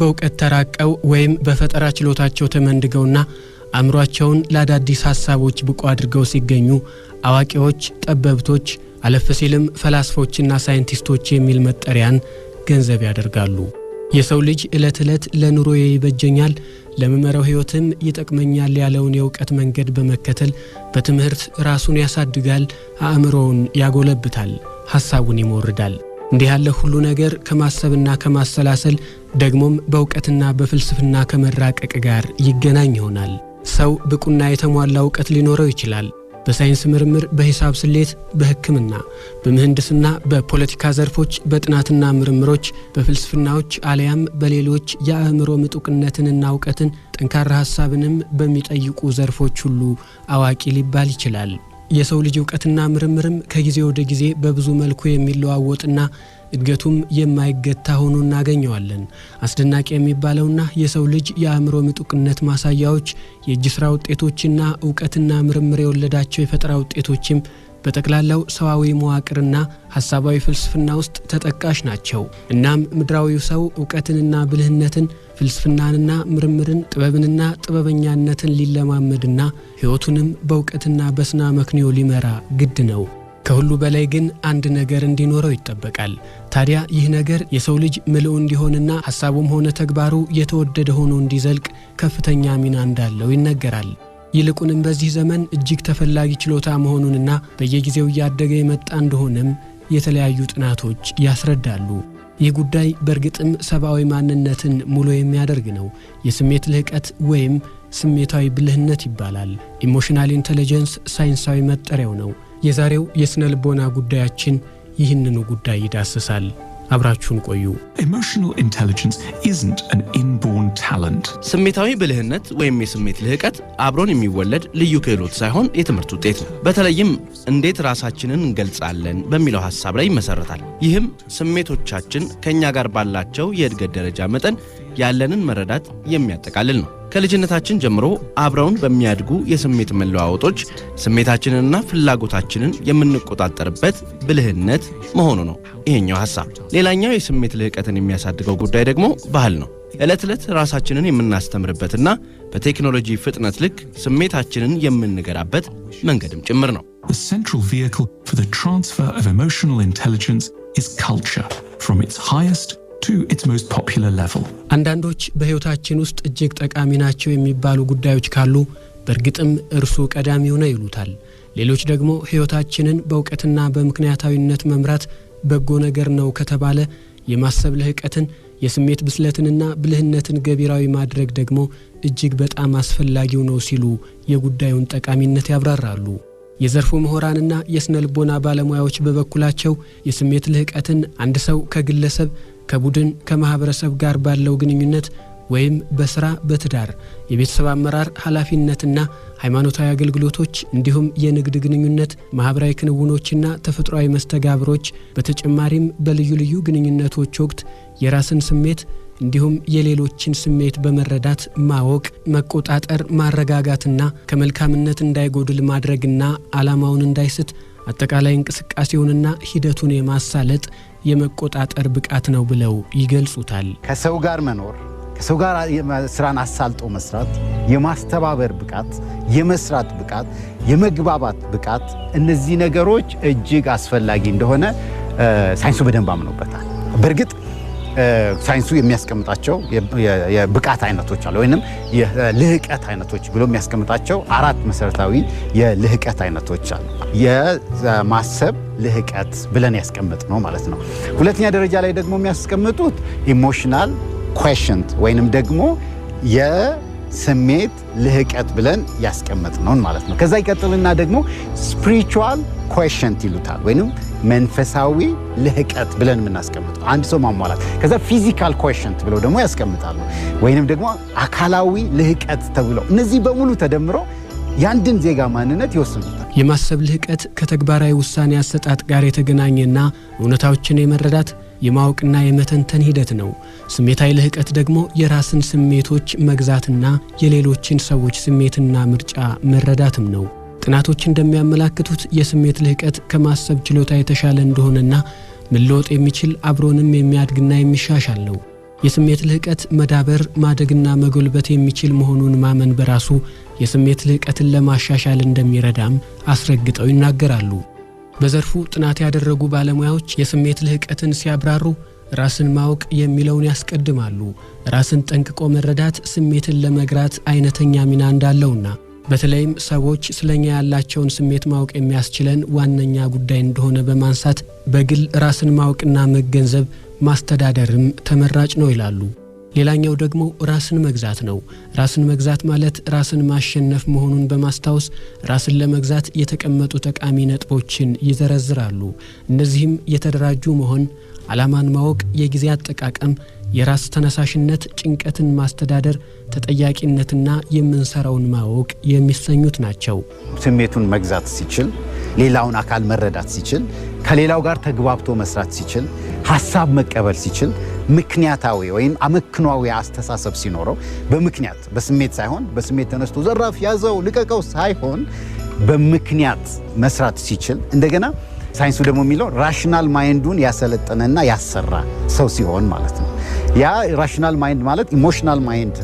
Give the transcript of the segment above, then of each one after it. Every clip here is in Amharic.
በእውቀት ተራቀው ወይም በፈጠራ ችሎታቸው ተመንድገውና አእምሯቸውን ለአዳዲስ ሐሳቦች ብቁ አድርገው ሲገኙ አዋቂዎች፣ ጠበብቶች፣ አለፍ ሲልም ፈላስፎችና ሳይንቲስቶች የሚል መጠሪያን ገንዘብ ያደርጋሉ። የሰው ልጅ ዕለት ዕለት ለኑሮ ይበጀኛል፣ ለምመራው ሕይወትም ይጠቅመኛል ያለውን የእውቀት መንገድ በመከተል በትምህርት ራሱን ያሳድጋል፣ አእምሮውን ያጎለብታል፣ ሐሳቡን ይሞርዳል። እንዲህ ያለ ሁሉ ነገር ከማሰብና ከማሰላሰል ደግሞም በእውቀትና በፍልስፍና ከመራቀቅ ጋር ይገናኝ ይሆናል። ሰው ብቁና የተሟላ እውቀት ሊኖረው ይችላል። በሳይንስ ምርምር፣ በሂሳብ ስሌት፣ በሕክምና፣ በምህንድስና፣ በፖለቲካ ዘርፎች፣ በጥናትና ምርምሮች፣ በፍልስፍናዎች አሊያም በሌሎች የአእምሮ ምጡቅነትንና እውቀትን ጠንካራ ሀሳብንም በሚጠይቁ ዘርፎች ሁሉ አዋቂ ሊባል ይችላል። የሰው ልጅ እውቀትና ምርምርም ከጊዜ ወደ ጊዜ በብዙ መልኩ የሚለዋወጥና እድገቱም የማይገታ ሆኖ እናገኘዋለን። አስደናቂ የሚባለውና የሰው ልጅ የአእምሮ ምጡቅነት ማሳያዎች የእጅ ሥራ ውጤቶችና እውቀትና ምርምር የወለዳቸው የፈጠራ ውጤቶችም በጠቅላላው ሰዋዊ መዋቅርና ሀሳባዊ ፍልስፍና ውስጥ ተጠቃሽ ናቸው። እናም ምድራዊው ሰው እውቀትንና ብልህነትን ፍልስፍናንና ምርምርን ጥበብንና ጥበበኛነትን ሊለማመድና ሕይወቱንም በእውቀትና በስና መክንዮ ሊመራ ግድ ነው። ከሁሉ በላይ ግን አንድ ነገር እንዲኖረው ይጠበቃል። ታዲያ ይህ ነገር የሰው ልጅ ምልዑ እንዲሆንና ሐሳቡም ሆነ ተግባሩ የተወደደ ሆኖ እንዲዘልቅ ከፍተኛ ሚና እንዳለው ይነገራል። ይልቁንም በዚህ ዘመን እጅግ ተፈላጊ ችሎታ መሆኑንና በየጊዜው እያደገ የመጣ እንደሆነም የተለያዩ ጥናቶች ያስረዳሉ። ይህ ጉዳይ በእርግጥም ሰብአዊ ማንነትን ሙሉ የሚያደርግ ነው። የስሜት ልህቀት ወይም ስሜታዊ ብልህነት ይባላል። ኢሞሽናል ኢንቴሊጀንስ ሳይንሳዊ መጠሪያው ነው። የዛሬው የሥነ ልቦና ጉዳያችን ይህንኑ ጉዳይ ይዳስሳል። አብራችሁን ቆዩ። ስሜታዊ ብልህነት ወይም የስሜት ልህቀት አብሮን የሚወለድ ልዩ ክህሎት ሳይሆን የትምህርት ውጤት ነው። በተለይም እንዴት ራሳችንን እንገልጻለን በሚለው ሀሳብ ላይ ይመሠረታል። ይህም ስሜቶቻችን ከእኛ ጋር ባላቸው የእድገት ደረጃ መጠን ያለንን መረዳት የሚያጠቃልል ነው። ከልጅነታችን ጀምሮ አብረውን በሚያድጉ የስሜት መለዋወጦች ስሜታችንንና ፍላጎታችንን የምንቆጣጠርበት ብልህነት መሆኑ ነው ይሄኛው ሐሳብ። ሌላኛው የስሜት ልህቀትን የሚያሳድገው ጉዳይ ደግሞ ባህል ነው። ዕለት ዕለት ራሳችንን የምናስተምርበትና በቴክኖሎጂ ፍጥነት ልክ ስሜታችንን የምንገራበት መንገድም ጭምር ነው። The central vehicle for the transfer of emotional intelligence is culture from its highest to its አንዳንዶች በሕይወታችን ውስጥ እጅግ ጠቃሚ ናቸው የሚባሉ ጉዳዮች ካሉ በእርግጥም እርሱ ቀዳሚው ነው ይሉታል። ሌሎች ደግሞ ሕይወታችንን በእውቀትና በምክንያታዊነት መምራት በጎ ነገር ነው ከተባለ የማሰብ ልህቀትን የስሜት ብስለትንና ብልህነትን ገቢራዊ ማድረግ ደግሞ እጅግ በጣም አስፈላጊው ነው ሲሉ የጉዳዩን ጠቃሚነት ያብራራሉ። የዘርፉ ምሁራንና የስነ ልቦና ባለሙያዎች በበኩላቸው የስሜት ልህቀትን አንድ ሰው ከግለሰብ ከቡድን ከማህበረሰብ ጋር ባለው ግንኙነት ወይም በስራ በትዳር የቤተሰብ አመራር ኃላፊነትና ሃይማኖታዊ አገልግሎቶች እንዲሁም የንግድ ግንኙነት ማኅበራዊ ክንውኖችና ተፈጥሯዊ መስተጋብሮች በተጨማሪም በልዩ ልዩ ግንኙነቶች ወቅት የራስን ስሜት እንዲሁም የሌሎችን ስሜት በመረዳት ማወቅ፣ መቆጣጠር፣ ማረጋጋትና ከመልካምነት እንዳይጎድል ማድረግና ዓላማውን እንዳይስት አጠቃላይ እንቅስቃሴውንና ሂደቱን የማሳለጥ የመቆጣጠር ብቃት ነው ብለው ይገልጹታል። ከሰው ጋር መኖር፣ ከሰው ጋር ስራን አሳልጦ መስራት፣ የማስተባበር ብቃት፣ የመስራት ብቃት፣ የመግባባት ብቃት፣ እነዚህ ነገሮች እጅግ አስፈላጊ እንደሆነ ሳይንሱ በደንብ አምኖበታል። በእርግጥ ሳይንሱ የሚያስቀምጣቸው የብቃት አይነቶች አሉ ወይንም የልህቀት አይነቶች ብሎ የሚያስቀምጣቸው አራት መሰረታዊ የልህቀት አይነቶች አሉ። የማሰብ ልህቀት ብለን ያስቀምጥ ነው ማለት ነው። ሁለተኛ ደረጃ ላይ ደግሞ የሚያስቀምጡት ኢሞሽናል ኮሽንት ወይንም ደግሞ የስሜት ልህቀት ብለን ያስቀምጥ ነውን ማለት ነው። ከዛ ይቀጥልና ደግሞ ስፒሪቹዋል ኮሽንት ይሉታል ወይንም መንፈሳዊ ልህቀት ብለን የምናስቀምጠው አንድ ሰው ማሟላት፣ ከዛ ፊዚካል ኮሽንት ብለው ደግሞ ያስቀምጣሉ፣ ወይንም ደግሞ አካላዊ ልህቀት ተብለው እነዚህ በሙሉ ተደምሮ የአንድን ዜጋ ማንነት ይወስኑታል። የማሰብ ልህቀት ከተግባራዊ ውሳኔ አሰጣጥ ጋር የተገናኘና እውነታዎችን የመረዳት የማወቅና የመተንተን ሂደት ነው። ስሜታዊ ልህቀት ደግሞ የራስን ስሜቶች መግዛትና የሌሎችን ሰዎች ስሜትና ምርጫ መረዳትም ነው። ጥናቶች እንደሚያመላክቱት የስሜት ልህቀት ከማሰብ ችሎታ የተሻለ እንደሆነና መለወጥ የሚችል አብሮንም የሚያድግና የሚሻሻል ነው። የስሜት ልህቀት መዳበር ማደግና መጎልበት የሚችል መሆኑን ማመን በራሱ የስሜት ልህቀትን ለማሻሻል እንደሚረዳም አስረግጠው ይናገራሉ። በዘርፉ ጥናት ያደረጉ ባለሙያዎች የስሜት ልህቀትን ሲያብራሩ ራስን ማወቅ የሚለውን ያስቀድማሉ። ራስን ጠንቅቆ መረዳት ስሜትን ለመግራት አይነተኛ ሚና እንዳለውና በተለይም ሰዎች ስለኛ ያላቸውን ስሜት ማወቅ የሚያስችለን ዋነኛ ጉዳይ እንደሆነ በማንሳት በግል ራስን ማወቅና መገንዘብ ማስተዳደርም ተመራጭ ነው ይላሉ። ሌላኛው ደግሞ ራስን መግዛት ነው። ራስን መግዛት ማለት ራስን ማሸነፍ መሆኑን በማስታወስ ራስን ለመግዛት የተቀመጡ ጠቃሚ ነጥቦችን ይዘረዝራሉ። እነዚህም የተደራጁ መሆን፣ ዓላማን ማወቅ፣ የጊዜ አጠቃቀም የራስ ተነሳሽነት፣ ጭንቀትን ማስተዳደር፣ ተጠያቂነትና የምንሰራውን ማወቅ የሚሰኙት ናቸው። ስሜቱን መግዛት ሲችል፣ ሌላውን አካል መረዳት ሲችል፣ ከሌላው ጋር ተግባብቶ መስራት ሲችል፣ ሀሳብ መቀበል ሲችል፣ ምክንያታዊ ወይም አመክኗዊ አስተሳሰብ ሲኖረው በምክንያት በስሜት ሳይሆን በስሜት ተነስቶ ዘራፍ ያዘው ልቀቀው ሳይሆን በምክንያት መስራት ሲችል እንደገና ሳይንሱ ደግሞ የሚለው ራሽናል ማይንዱን ያሰለጠነና ያሰራ ሰው ሲሆን ማለት ነው። ያ ራሽናል ማይንድ ማለት ኢሞሽናል ማይንድ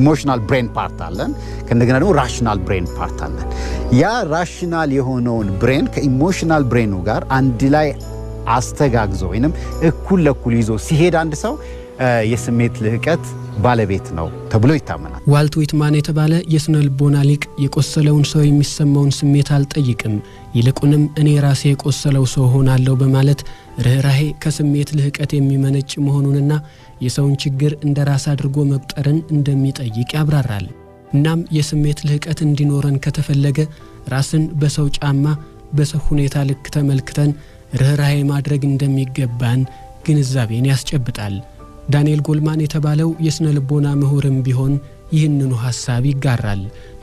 ኢሞሽናል ብሬን ፓርት አለን። ከእንደገና ደግሞ ራሽናል ብሬን ፓርት አለን። ያ ራሽናል የሆነውን ብሬን ከኢሞሽናል ብሬኑ ጋር አንድ ላይ አስተጋግዞ ወይም እኩል ለኩል ይዞ ሲሄድ አንድ ሰው የስሜት ልህቀት ባለቤት ነው ተብሎ ይታመናል። ዋልት ዊትማን የተባለ የስነ ልቦና ሊቅ የቆሰለውን ሰው የሚሰማውን ስሜት አልጠይቅም፣ ይልቁንም እኔ ራሴ የቆሰለው ሰው ሆናለሁ በማለት ርኅራሄ ከስሜት ልህቀት የሚመነጭ መሆኑንና የሰውን ችግር እንደ ራስ አድርጎ መቁጠርን እንደሚጠይቅ ያብራራል። እናም የስሜት ልህቀት እንዲኖረን ከተፈለገ ራስን በሰው ጫማ፣ በሰው ሁኔታ ልክ ተመልክተን ርኅራኄ ማድረግ እንደሚገባን ግንዛቤን ያስጨብጣል። ዳንኤል ጎልማን የተባለው የሥነ ልቦና ምሁርም ቢሆን ይህንኑ ሐሳብ ይጋራል።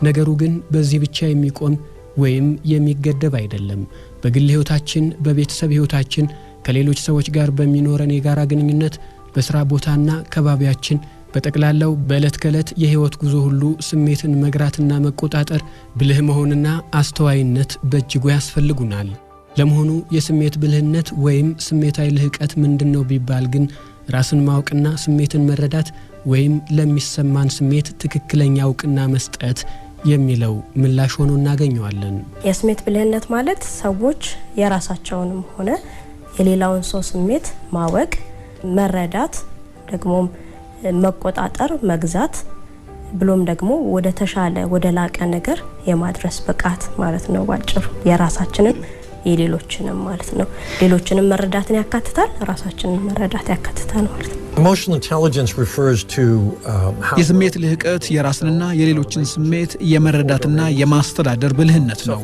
ነገሩ ግን በዚህ ብቻ የሚቆም ወይም የሚገደብ አይደለም። በግል ሕይወታችን፣ በቤተሰብ ሕይወታችን፣ ከሌሎች ሰዎች ጋር በሚኖረን የጋራ ግንኙነት፣ በሥራ ቦታና ከባቢያችን በጠቅላላው በዕለት ከዕለት የሕይወት ጉዞ ሁሉ ስሜትን መግራትና መቆጣጠር፣ ብልህ መሆንና አስተዋይነት በእጅጉ ያስፈልጉናል። ለመሆኑ የስሜት ብልህነት ወይም ስሜታዊ ልህቀት ምንድን ነው ቢባል ግን ራስን ማወቅና ስሜትን መረዳት ወይም ለሚሰማን ስሜት ትክክለኛ እውቅና መስጠት የሚለው ምላሽ ሆኖ እናገኘዋለን። የስሜት ብልህነት ማለት ሰዎች የራሳቸውንም ሆነ የሌላውን ሰው ስሜት ማወቅ፣ መረዳት፣ ደግሞም መቆጣጠር፣ መግዛት ብሎም ደግሞ ወደ ተሻለ ወደ ላቀ ነገር የማድረስ ብቃት ማለት ነው ባጭሩ የራሳችንም የሌሎችንም ማለት ነው። ሌሎችንም መረዳትን ያካትታል፣ ራሳችንን መረዳት ያካትታል ማለት ነው። um, የስሜት ልህቀት የራስንና የሌሎችን ስሜት የመረዳትና የማስተዳደር ብልህነት ነው።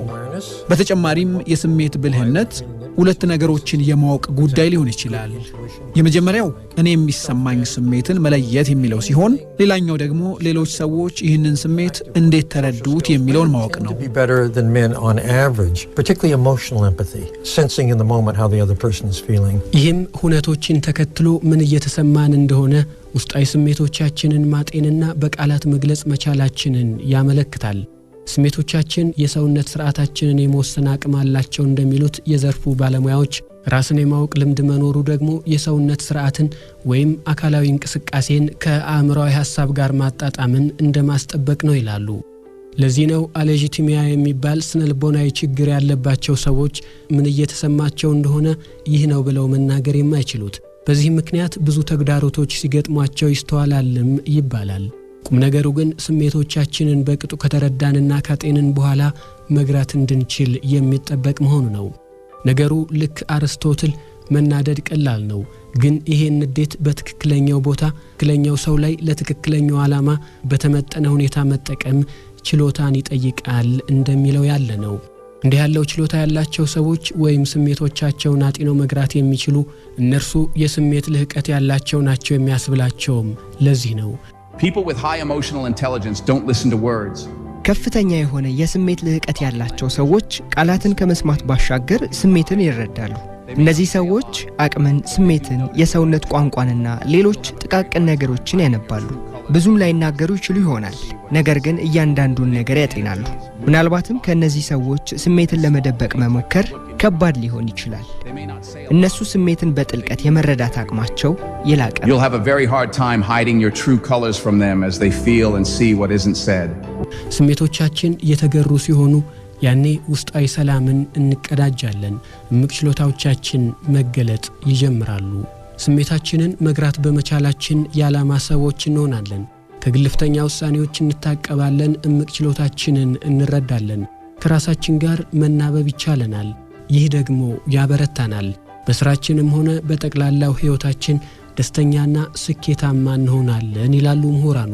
በተጨማሪም የስሜት ብልህነት ሁለት ነገሮችን የማወቅ ጉዳይ ሊሆን ይችላል። የመጀመሪያው እኔ የሚሰማኝ ስሜትን መለየት የሚለው ሲሆን፣ ሌላኛው ደግሞ ሌሎች ሰዎች ይህንን ስሜት እንዴት ተረዱት የሚለውን ማወቅ ነው። ይህም ሁነቶችን ተከትሎ ምን እየተሰማን እንደሆነ ውስጣዊ ስሜቶቻችንን ማጤንና በቃላት መግለጽ መቻላችንን ያመለክታል። ስሜቶቻችን የሰውነት ስርዓታችንን የመወሰን አቅም አላቸው እንደሚሉት የዘርፉ ባለሙያዎች ራስን የማወቅ ልምድ መኖሩ ደግሞ የሰውነት ስርዓትን ወይም አካላዊ እንቅስቃሴን ከአእምሯዊ ሀሳብ ጋር ማጣጣምን እንደ ማስጠበቅ ነው ይላሉ። ለዚህ ነው አሌጂቲሚያ የሚባል ስነ ልቦናዊ ችግር ያለባቸው ሰዎች ምን እየተሰማቸው እንደሆነ ይህ ነው ብለው መናገር የማይችሉት። በዚህ ምክንያት ብዙ ተግዳሮቶች ሲገጥሟቸው ይስተዋላልም ይባላል። ቁም ነገሩ ግን ስሜቶቻችንን በቅጡ ከተረዳንና ካጤንን በኋላ መግራት እንድንችል የሚጠበቅ መሆኑ ነው። ነገሩ ልክ አርስቶትል መናደድ ቀላል ነው፣ ግን ይሄን ንዴት በትክክለኛው ቦታ ትክክለኛው ሰው ላይ ለትክክለኛው ዓላማ በተመጠነ ሁኔታ መጠቀም ችሎታን ይጠይቃል እንደሚለው ያለ ነው። እንዲህ ያለው ችሎታ ያላቸው ሰዎች ወይም ስሜቶቻቸውን አጢነው መግራት የሚችሉ እነርሱ የስሜት ልህቀት ያላቸው ናቸው የሚያስብላቸውም ለዚህ ነው። ከፍተኛ የሆነ የስሜት ልህቀት ያላቸው ሰዎች ቃላትን ከመስማት ባሻገር ስሜትን ይረዳሉ። እነዚህ ሰዎች አቅምን፣ ስሜትን፣ የሰውነት ቋንቋንና ሌሎች ጥቃቅን ነገሮችን ያነባሉ። ብዙም ላይናገሩ ይችሉ ይሆናል፣ ነገር ግን እያንዳንዱን ነገር ያጤናሉ። ምናልባትም ከእነዚህ ሰዎች ስሜትን ለመደበቅ መሞከር ከባድ ሊሆን ይችላል። እነሱ ስሜትን በጥልቀት የመረዳት አቅማቸው የላቀ ስሜቶቻችን የተገሩ ሲሆኑ ያኔ ውስጣዊ ሰላምን እንቀዳጃለን። እምቅ ችሎታዎቻችን መገለጥ ይጀምራሉ። ስሜታችንን መግራት በመቻላችን የዓላማ ሰዎች እንሆናለን። ከግልፍተኛ ውሳኔዎች እንታቀባለን። እምቅ ችሎታችንን እንረዳለን። ከራሳችን ጋር መናበብ ይቻለናል። ይህ ደግሞ ያበረታናል። በስራችንም ሆነ በጠቅላላው ሕይወታችን ደስተኛና ስኬታማ እንሆናለን ይላሉ ምሁራኑ።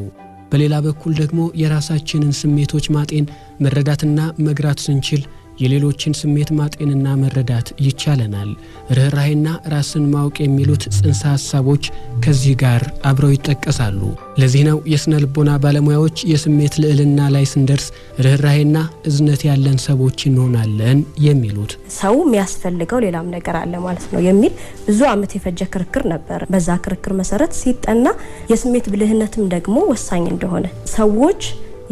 በሌላ በኩል ደግሞ የራሳችንን ስሜቶች ማጤን መረዳትና መግራት ስንችል የሌሎችን ስሜት ማጤንና መረዳት ይቻለናል። ርኅራሄና ራስን ማወቅ የሚሉት ጽንሰ ሐሳቦች ከዚህ ጋር አብረው ይጠቀሳሉ። ለዚህ ነው የሥነ ልቦና ባለሙያዎች የስሜት ልዕልና ላይ ስንደርስ ርኅራሄና እዝነት ያለን ሰዎች እንሆናለን የሚሉት። ሰው የሚያስፈልገው ሌላም ነገር አለ ማለት ነው የሚል ብዙ ዓመት የፈጀ ክርክር ነበር። በዛ ክርክር መሰረት ሲጠና የስሜት ብልህነትም ደግሞ ወሳኝ እንደሆነ ሰዎች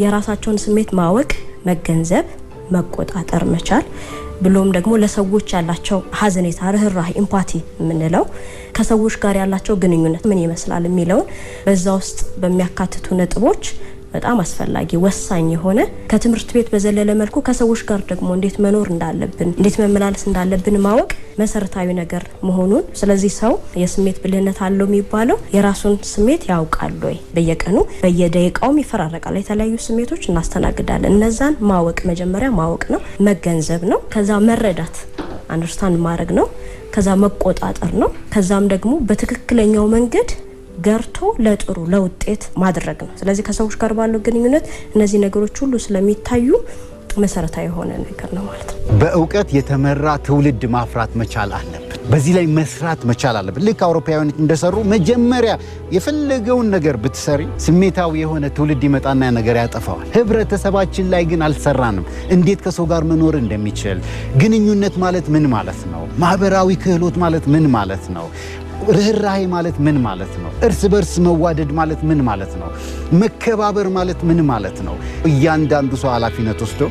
የራሳቸውን ስሜት ማወቅ መገንዘብ መቆጣጠር መቻል ብሎም ደግሞ ለሰዎች ያላቸው ሀዘኔታ፣ ርህራሄ፣ ኢምፓቲ የምንለው ከሰዎች ጋር ያላቸው ግንኙነት ምን ይመስላል የሚለውን በዛ ውስጥ በሚያካትቱ ነጥቦች በጣም አስፈላጊ ወሳኝ የሆነ ከትምህርት ቤት በዘለለ መልኩ ከሰዎች ጋር ደግሞ እንዴት መኖር እንዳለብን እንዴት መመላለስ እንዳለብን ማወቅ መሰረታዊ ነገር መሆኑን። ስለዚህ ሰው የስሜት ብልህነት አለው የሚባለው የራሱን ስሜት ያውቃል ወይ? በየቀኑ በየደቂቃውም ይፈራረቃል። የተለያዩ ስሜቶች እናስተናግዳለን። እነዛን ማወቅ መጀመሪያ ማወቅ ነው፣ መገንዘብ ነው። ከዛ መረዳት አንደርስታንድ ማድረግ ነው። ከዛ መቆጣጠር ነው። ከዛም ደግሞ በትክክለኛው መንገድ ገርቶ ለጥሩ ለውጤት ማድረግ ነው። ስለዚህ ከሰዎች ጋር ባለው ግንኙነት እነዚህ ነገሮች ሁሉ ስለሚታዩ መሰረታዊ የሆነ ነገር ነው ማለት ነው። በእውቀት የተመራ ትውልድ ማፍራት መቻል አለብን። በዚህ ላይ መስራት መቻል አለብን። ልክ አውሮፓውያን እንደሰሩ መጀመሪያ የፈለገውን ነገር ብትሰሪ ስሜታዊ የሆነ ትውልድ ይመጣና ነገር ያጠፋዋል። ህብረተሰባችን ላይ ግን አልሰራንም። እንዴት ከሰው ጋር መኖር እንደሚችል ግንኙነት ማለት ምን ማለት ነው? ማህበራዊ ክህሎት ማለት ምን ማለት ነው? ርኅራሄ ማለት ምን ማለት ነው? እርስ በርስ መዋደድ ማለት ምን ማለት ነው? መከባበር ማለት ምን ማለት ነው? እያንዳንዱ ሰው ኃላፊነት ወስዶ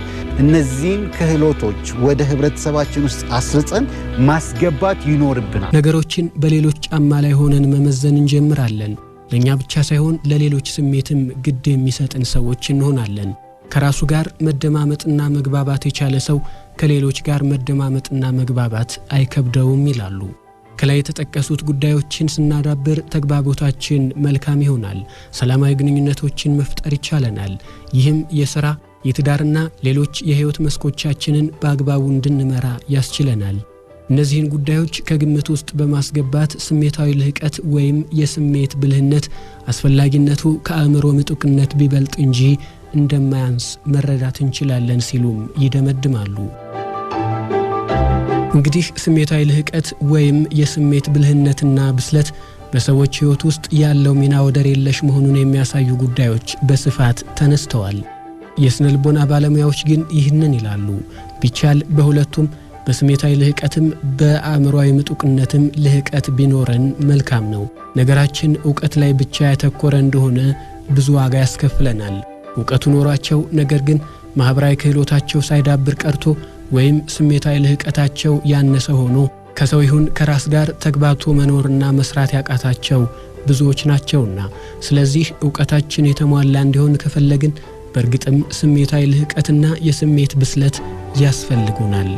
እነዚህን ክህሎቶች ወደ ህብረተሰባችን ውስጥ አስርጸን ማስገባት ይኖርብናል። ነገሮችን በሌሎች ጫማ ላይ ሆነን መመዘን እንጀምራለን። ለእኛ ብቻ ሳይሆን ለሌሎች ስሜትም ግድ የሚሰጥን ሰዎች እንሆናለን። ከራሱ ጋር መደማመጥና መግባባት የቻለ ሰው ከሌሎች ጋር መደማመጥና መግባባት አይከብደውም ይላሉ። ከላይ የተጠቀሱት ጉዳዮችን ስናዳብር ተግባቦታችን መልካም ይሆናል። ሰላማዊ ግንኙነቶችን መፍጠር ይቻለናል። ይህም የሥራ የትዳርና ሌሎች የሕይወት መስኮቻችንን በአግባቡ እንድንመራ ያስችለናል። እነዚህን ጉዳዮች ከግምት ውስጥ በማስገባት ስሜታዊ ልህቀት ወይም የስሜት ብልህነት አስፈላጊነቱ ከአእምሮ ምጡቅነት ቢበልጥ እንጂ እንደማያንስ መረዳት እንችላለን ሲሉም ይደመድማሉ። እንግዲህ ስሜታዊ ልህቀት ወይም የስሜት ብልህነትና ብስለት በሰዎች ሕይወት ውስጥ ያለው ሚና ወደር የለሽ መሆኑን የሚያሳዩ ጉዳዮች በስፋት ተነስተዋል። የስነልቦና ልቦና ባለሙያዎች ግን ይህንን ይላሉ። ቢቻል በሁለቱም በስሜታዊ ልህቀትም በአእምሯዊ ምጡቅነትም ልህቀት ቢኖረን መልካም ነው። ነገራችን እውቀት ላይ ብቻ ያተኮረ እንደሆነ ብዙ ዋጋ ያስከፍለናል። እውቀቱ ኖሯቸው ነገር ግን ማኅበራዊ ክህሎታቸው ሳይዳብር ቀርቶ ወይም ስሜታዊ ልህቀታቸው ያነሰ ሆኖ ከሰው ይሁን ከራስ ጋር ተግባብቶ መኖርና መስራት ያቃታቸው ብዙዎች ናቸውና። ስለዚህ እውቀታችን የተሟላ እንዲሆን ከፈለግን በእርግጥም ስሜታዊ ልህቀትና የስሜት ብስለት ያስፈልጉናል።